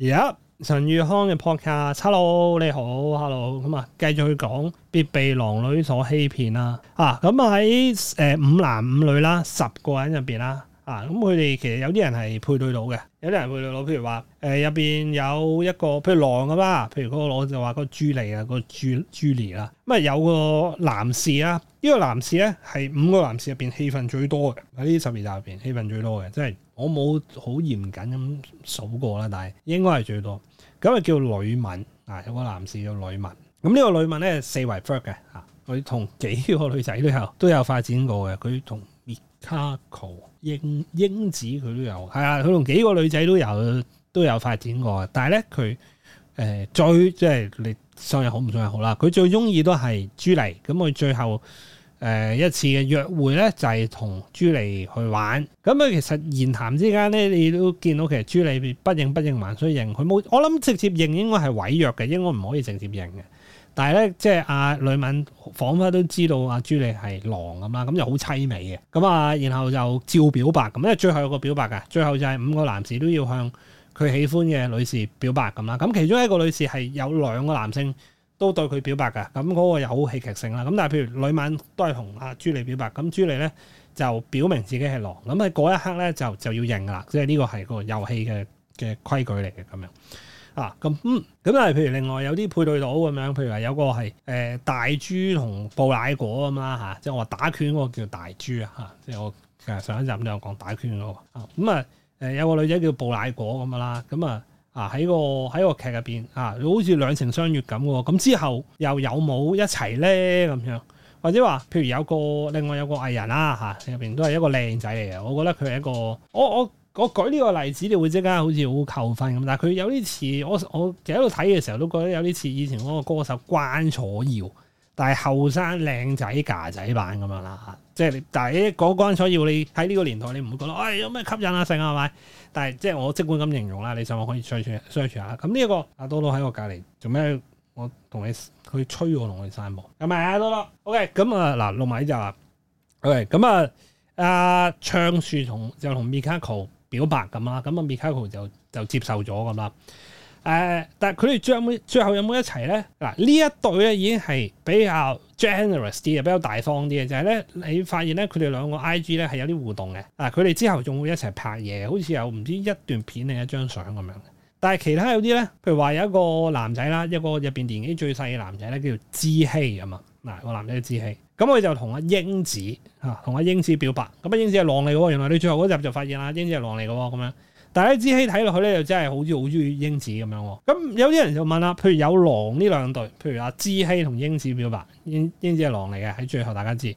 而家陳宇康嘅 podcast，hello 你好，hello 咁啊，繼續去講別被狼女所欺騙啦、啊，啊咁啊喺誒五男五女啦，十個人入邊啦，啊咁佢哋其實有啲人係配對到嘅。有啲人會攞，譬如話，誒入邊有一個，譬如狼啦、啊，譬如嗰、那個攞就話個朱莉、那個、啊，個朱朱莉啦，咁啊有個男士啊，呢、這個男士咧係五個男士入邊戲份最多嘅，喺呢十二集入邊戲份最多嘅，即係我冇好嚴謹咁數過啦，但係應該係最多。咁啊叫女文啊，有個男士叫女文，咁呢個女文咧四圍 fuck 嘅吓，佢、啊、同幾個女仔都有都有發展過嘅，佢同。卡酷英英子佢都有，係啊，佢同幾個女仔都有都有發展過。但係咧，佢誒、呃、最即係你信又好唔信又好啦。佢最中意都係朱莉，咁佢最後誒、呃、一次嘅約會咧就係、是、同朱莉去玩。咁佢其實言談之間咧，你都見到其實朱莉不認不認還，所以認佢冇。我諗直接認應該係毀約嘅，應該唔可以直接認嘅。但係咧，即係阿女敏彷彿都知道阿朱莉係狼咁啦，咁就好淒美嘅。咁啊，然後就照表白咁，因為最後有個表白嘅，最後就係五個男士都要向佢喜歡嘅女士表白咁啦。咁其中一個女士係有兩個男性都對佢表白嘅，咁嗰個又好戲劇性啦。咁但係譬如女敏都係同阿朱莉表白，咁、那個、朱莉咧就表明自己係狼。咁喺嗰一刻咧就就要認㗎啦，即係呢個係個遊戲嘅嘅規矩嚟嘅咁樣。啊咁嗯咁啊，嗯、譬如另外有啲配對到咁樣，譬如話有個係誒、呃、大豬同布奶果咁啦嚇，即係我打拳嗰個叫大豬啊嚇，即係我誒上一集都有講打拳嗰、嗰個啊咁啊誒有個女仔叫布奶果咁啦，咁啊啊喺個喺個劇入邊啊好似兩情相悅咁咁之後又有冇一齊咧咁樣？或者話譬如有個另外有個藝人啦、啊、嚇，入、啊、邊都係一個靚仔嚟嘅，我覺得佢係一個我我。我我舉呢個例子，你會即刻好似好扣分咁，但係佢有啲似我我其實喺度睇嘅時候，都覺得有啲似以前嗰個歌手關楚耀，但係後生靚仔、夾仔版咁樣啦。即係但係嗰關楚耀，你喺呢個年代，你唔會覺得誒、哎、有咩吸引啊？性啊，係咪、啊？但係即係我即管咁形容啦，你上網可以 search search 下。咁呢一個阿多多喺我隔籬做咩？我同你去吹我同我哋散步。咁咪阿多多，OK？咁、嗯、啊嗱，糯米就話。OK？、嗯、咁啊，阿暢樹同就同 Mikako 表白咁啦，咁啊，Mikako 就就接受咗咁啦。誒、呃，但係佢哋最後有冇最後有冇一齊咧？嗱，呢一對咧已經係比較 generous 啲，又比較大方啲嘅，就係、是、咧你發現咧佢哋兩個 IG 咧係有啲互動嘅。嗱、呃，佢哋之後仲會一齊拍嘢，好似有唔知一段片定一張相咁樣。但係其他有啲咧，譬如話有一個男仔啦，一個入邊年紀最細嘅男仔咧，叫做知希啊嘛。嗱、那，個男仔叫知希，咁佢就同阿英子啊，同阿英子表白。咁阿英子係狼嚟嘅，原來你最後嗰集就發現啦，英子係狼嚟嘅咁樣。但係咧，知希睇落去咧，就真係好似好中意英子咁樣。咁有啲人就問啦，譬如有狼呢兩對，譬如阿、啊、知希同英子表白，英英子係狼嚟嘅，喺最後大家知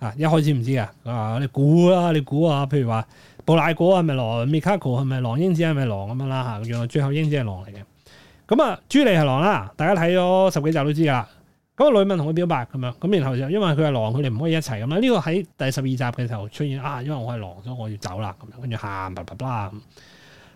啊，一開始唔知噶啊，你估啦、啊，你估啊，譬如話。布賴果係咪狼？米卡果係咪狼？英子係咪狼咁樣啦吓，原來最後英子係狼嚟嘅。咁啊，朱莉係狼啦，大家睇咗十幾集都知噶。嗰個女問同佢表白咁樣，咁然後就因為佢係狼，佢哋唔可以一齊咁啦。呢個喺第十二集嘅時候出現啊，因為我係狼，所以我要走啦咁樣，跟住喊卜卜卜。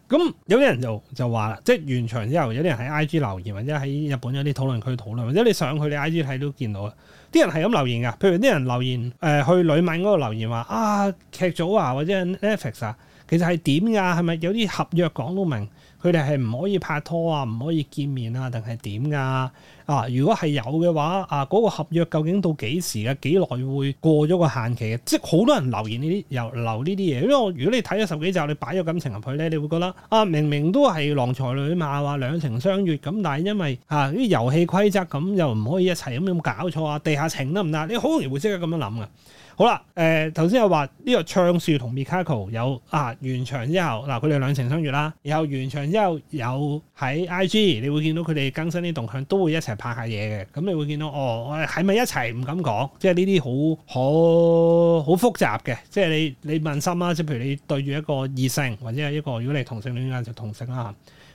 咁、嗯、有啲人就就話啦，即係完場之後，有啲人喺 I.G 留言，或者喺日本有啲討論區討論，或者你上去你 I.G 睇都見到啊，啲人係咁留言噶，譬如啲人留言誒、呃、去女漫嗰度留言話啊，劇組啊或者 Netflix 啊，其實係點噶，係咪有啲合約講到明？佢哋係唔可以拍拖啊，唔可以見面啊，定係點噶？啊，如果係有嘅話，啊嗰個合約究竟到幾時啊？幾耐會過咗個限期嘅？即係好多人留言呢啲，又留呢啲嘢，因為如果你睇咗十幾集，你擺咗感情入去咧，你會覺得啊，明明都係郎才女貌啊，兩情相悅咁，但係因為嚇啲、啊、遊戲規則咁，又唔可以一齊咁，有冇搞錯啊，地下情得唔得，你好容易會即刻咁樣諗噶。好啦，誒頭先又話呢個唱樹同 Mikako 有啊完場之後，嗱佢哋兩情相悅啦，然後完場。之後有喺 IG，你會見到佢哋更新啲動向，都會一齊拍一下嘢嘅。咁、嗯、你會見到哦，我係咪一齊？唔敢講，即係呢啲好好好複雜嘅。即係你你問心啦。即係譬如你對住一個異性，或者係一個如果你同性戀嘅就同性啦。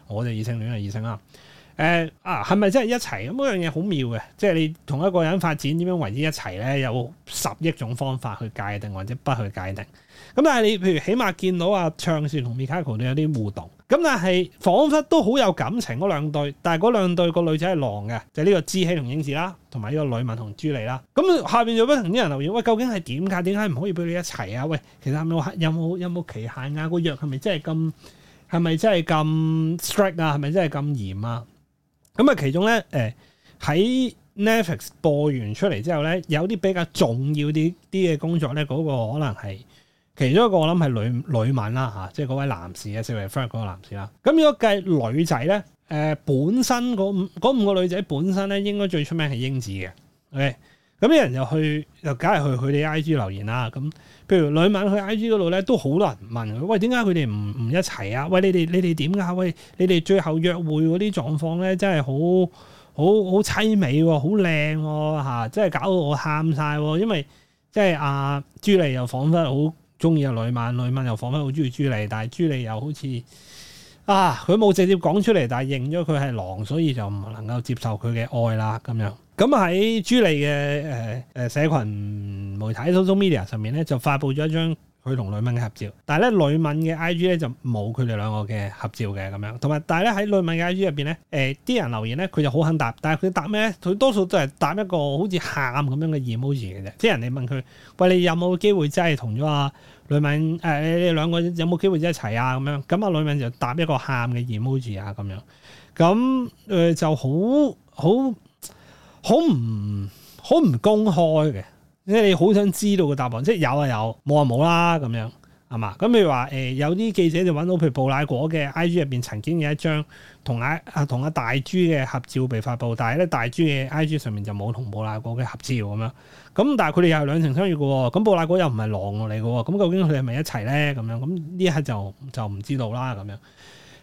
我哋異性戀係異性啦。誒、呃、啊，係咪真係一齊？咁嗰樣嘢好妙嘅。即係你同一個人發展，點樣為之一齊咧？有十億種方法去界定，或者不去界定。咁但係你譬如起碼見到阿暢善同 Mikako 都有啲互動，咁但係彷彿都好有感情嗰兩對，但係嗰兩對個女仔係狼嘅，就係、是、呢個志希同影子啦，同埋呢個女文同朱莉啦。咁、嗯、下邊有不停啲人留言，喂，究竟係點解？點解唔可以俾你一齊啊？喂，其實有冇有冇期限啊？那個約係咪真係咁係咪真係咁 strict 啊？係咪真係咁嚴啊？咁、嗯、啊，其中咧，誒、呃、喺 Netflix 播完出嚟之後咧，有啲比較重要啲啲嘅工作咧，嗰、那個可能係。其中一個我諗係女女文啦嚇，即係嗰位男士嘅四圍 friend 嗰個男士啦。咁如果計女仔咧，誒，本身嗰五五個女仔本身咧應該最出名係英子嘅。o 咁啲人又去又梗係去佢哋 I.G 留言啦。咁譬如女文去 I.G 嗰度咧，都好多人問喂，點解佢哋唔唔一齊啊？喂，你哋你哋點㗎？喂，你哋最後約會嗰啲狀況咧，真係好好好淒美喎，好靚喎嚇，真係搞到我喊晒喎。因為即係阿朱莉又彷彿好中意阿呂曼呂曼又仿佛好中意朱莉，但係朱莉又好似啊，佢冇直接講出嚟，但係認咗佢係狼，所以就唔能夠接受佢嘅愛啦咁樣。咁喺朱莉嘅誒誒社群媒體 social media 上面咧，就發布咗一張。佢同女文嘅合照，但係咧女文嘅 I G 咧就冇佢哋兩個嘅合照嘅咁樣，同埋但係咧喺女文嘅 I G 入邊咧，誒、呃、啲人留言咧佢就好肯答，但係佢答咩？佢多數都係答一個好似喊咁樣嘅 emoji 嘅啫。啲人你問佢，喂，你有冇機會真係同咗阿女文誒、呃，你哋兩個有冇機會一齊啊？咁樣，咁阿女文就答一個喊嘅 emoji 啊，咁樣，咁誒、呃、就好好好唔好唔公開嘅。你你好想知道個答案，即係有啊有，冇啊冇啦咁樣，係嘛？咁、嗯、譬如話誒、呃，有啲記者就搵到譬如布乃果嘅 I G 入邊曾經有一張同阿、啊、同阿、啊、大朱嘅合照被發布，但係咧大朱嘅 I G 上面就冇同布賴果嘅合照咁樣。咁但係佢哋又係兩情相悅嘅，咁布賴果又唔係狼嚟嘅，咁、嗯、究竟佢哋係咪一齊咧？咁樣咁呢一刻就就唔知道啦咁樣。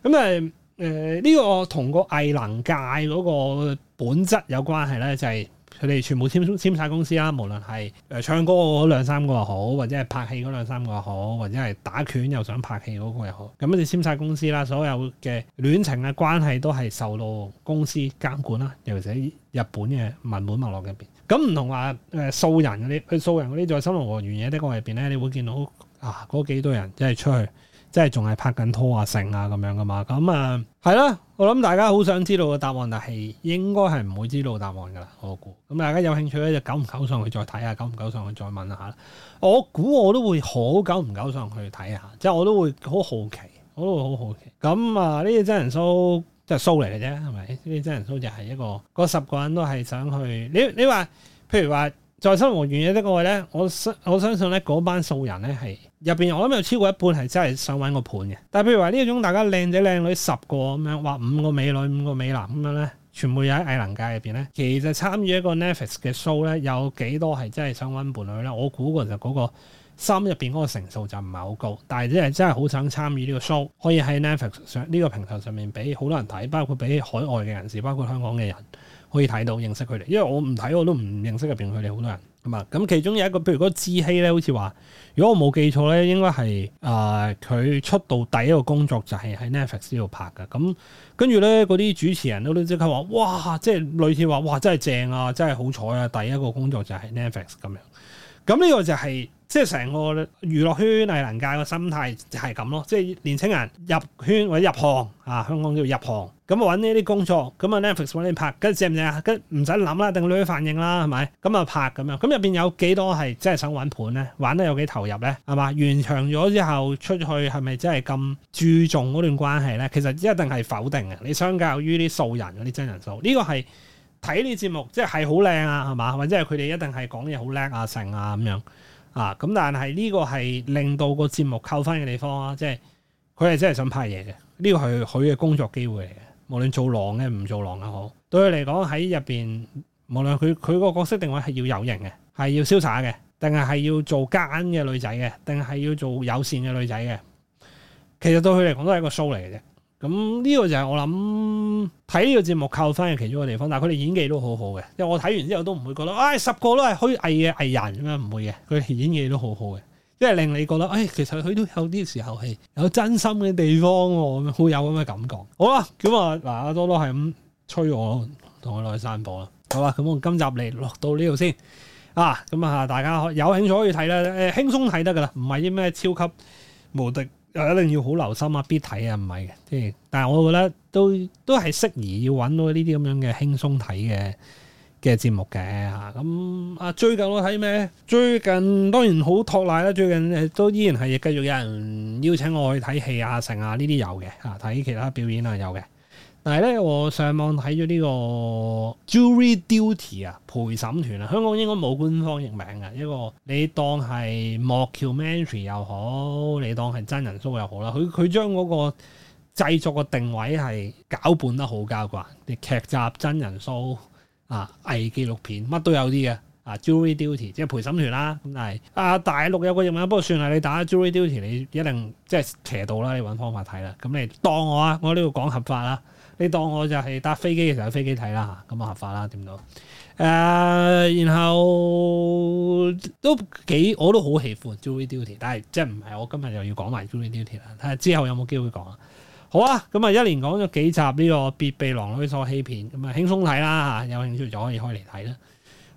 咁誒誒，呢、嗯呃呢個同個藝能界嗰個本質有關係咧，就係、是。佢哋全部簽簽曬公司啦，無論係誒唱歌嗰兩三個又好，或者係拍戲嗰兩三個又好，或者係打拳又想拍戲嗰個又好，咁好似簽晒公司啦，所有嘅戀情嘅關係都係受到公司監管啦，尤其是喺日本嘅文本網絡入邊。咁唔同話誒素人嗰啲，佢素人嗰啲在《森林和原野》呢個入邊咧，你會見到啊嗰幾多人即係出去。即係仲係拍緊拖啊、成啊咁樣噶嘛？咁啊，係、嗯、啦、啊，我諗大家好想知道個答案，但係應該係唔會知道答案噶啦。我估咁，大家有興趣咧就久唔久上去再睇下，久唔久上去再問下啦。我估我都會好久唔久上去睇下，即係我都會好好奇，我都會好好奇。咁、嗯、啊，呢啲真人 show 即係 show 嚟嘅啫，係咪？呢啲真人 show 就係一個嗰十個人都係想去。你你話，譬如話在生活完嘢之外咧，我我相信咧嗰班素人咧係。入邊我諗有超過一半係真係想揾個盤嘅，但係譬如話呢種大家靚仔靚女十個咁樣，話五個美女五個美男咁樣咧，全部喺藝能界入邊咧，其實參與一個 Netflix 嘅 show 咧，有幾多係真係想揾伴侶咧？我估、嗰個就嗰個心入邊嗰個成數就唔係好高，但係真係真係好想參與呢個 show，可以喺 Netflix 上呢個平台上面俾好多人睇，包括俾海外嘅人士，包括香港嘅人可以睇到認識佢哋，因為我唔睇我都唔認識入邊佢哋好多人。咁其中有一個，譬如嗰個知希咧，好似話，如果我冇記錯咧，應該係啊，佢、呃、出道第一個工作就係喺 Netflix 度拍嘅。咁跟住咧，嗰啲主持人都都即刻話，哇，即係類似話，哇，真係正啊，真係好彩啊！第一個工作就係 Netflix 咁樣。咁、嗯、呢、這個就係、是。即係成個娛樂圈藝能界嘅心態係咁咯，即係年青人入圈或者入行啊，香港叫入行，咁啊搵呢啲工作，咁、嗯、啊 Netflix 搵你拍，跟住知唔知啊？跟唔使諗啦，定女反應啦，係咪？咁啊拍咁樣，咁入邊有幾多係真係想搵盤咧？玩得有幾投入咧？係嘛？完長咗之後出去係咪真係咁注重嗰段關係咧？其實一定係否定嘅。你相較於啲素人嗰啲真人秀，呢、這個係睇呢節目即係好靚啊，係嘛？或者係佢哋一定係講嘢好叻啊、成啊咁樣。啊，咁但係呢個係令到個節目扣分嘅地方啊，即係佢係真係想拍嘢嘅，呢個係佢嘅工作機會嚟嘅，無論做狼嘅唔做狼又好，對佢嚟講喺入邊，無論佢佢個角色定位係要有型嘅，係要瀟灑嘅，定係係要做奸嘅女仔嘅，定係要做友善嘅女仔嘅，其實對佢嚟講都係一個 show 嚟嘅啫。咁呢、個就係我諗睇呢個節目靠翻嘅其中一個地方，但係佢哋演技都好好嘅，因為我睇完之後都唔會覺得，唉、哎，十個都係虛偽嘅藝人咁樣，唔會嘅，佢演技都好好嘅，即係令你覺得，唉、哎，其實佢都有啲時候係有真心嘅地方喎、哦，咁好有咁嘅感覺。好啦，咁啊，嗱，多多係咁催我同我落去散步啦，好啊，咁我今集嚟落到呢度先啊，咁啊，大家有興趣可以睇啦，誒、嗯，輕鬆睇得噶啦，唔係啲咩超級無敵。一定要好留心啊，必睇啊，唔係嘅，即係，但係我覺得都都係適宜要揾到呢啲咁樣嘅輕鬆睇嘅嘅節目嘅嚇。咁啊，最近我睇咩？最近當然好托賴啦，最近都依然係繼續有人邀請我去睇戲啊、成啊呢啲有嘅嚇，睇其他表演啊有嘅。但係咧，我上網睇咗呢個 Jury Duty 個個啊，Duty，陪審團啊，香港應該冇官方譯名嘅一個，你當係 mockumentary 又好，你當係真人 show 又好啦。佢佢將嗰個製作個定位係攪拌得好交掛，啲劇集，真人 show 啊、偽紀錄片乜都有啲嘅。啊，Jury Duty 即係陪審團啦。咁係啊，大陸有個譯名，不過算係你打 Jury Duty，你一定即係邪道啦，你揾方法睇啦。咁你當我啊，我呢度講合法啦。你當我就係搭飛機嘅時候，飛機睇啦嚇，咁啊合法啦，點都誒，然後都幾我都好喜歡 Duty，《Joey Duty》，但係即係唔係我今日又要講埋《Joey Duty》啦，睇下之後有冇機會講啊。好啊，咁啊，一連講咗幾集呢個《別被狼女所欺騙》，咁啊輕鬆睇啦嚇，有興趣就可以開嚟睇啦。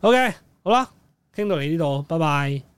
OK，好啦，傾到你呢度，拜拜。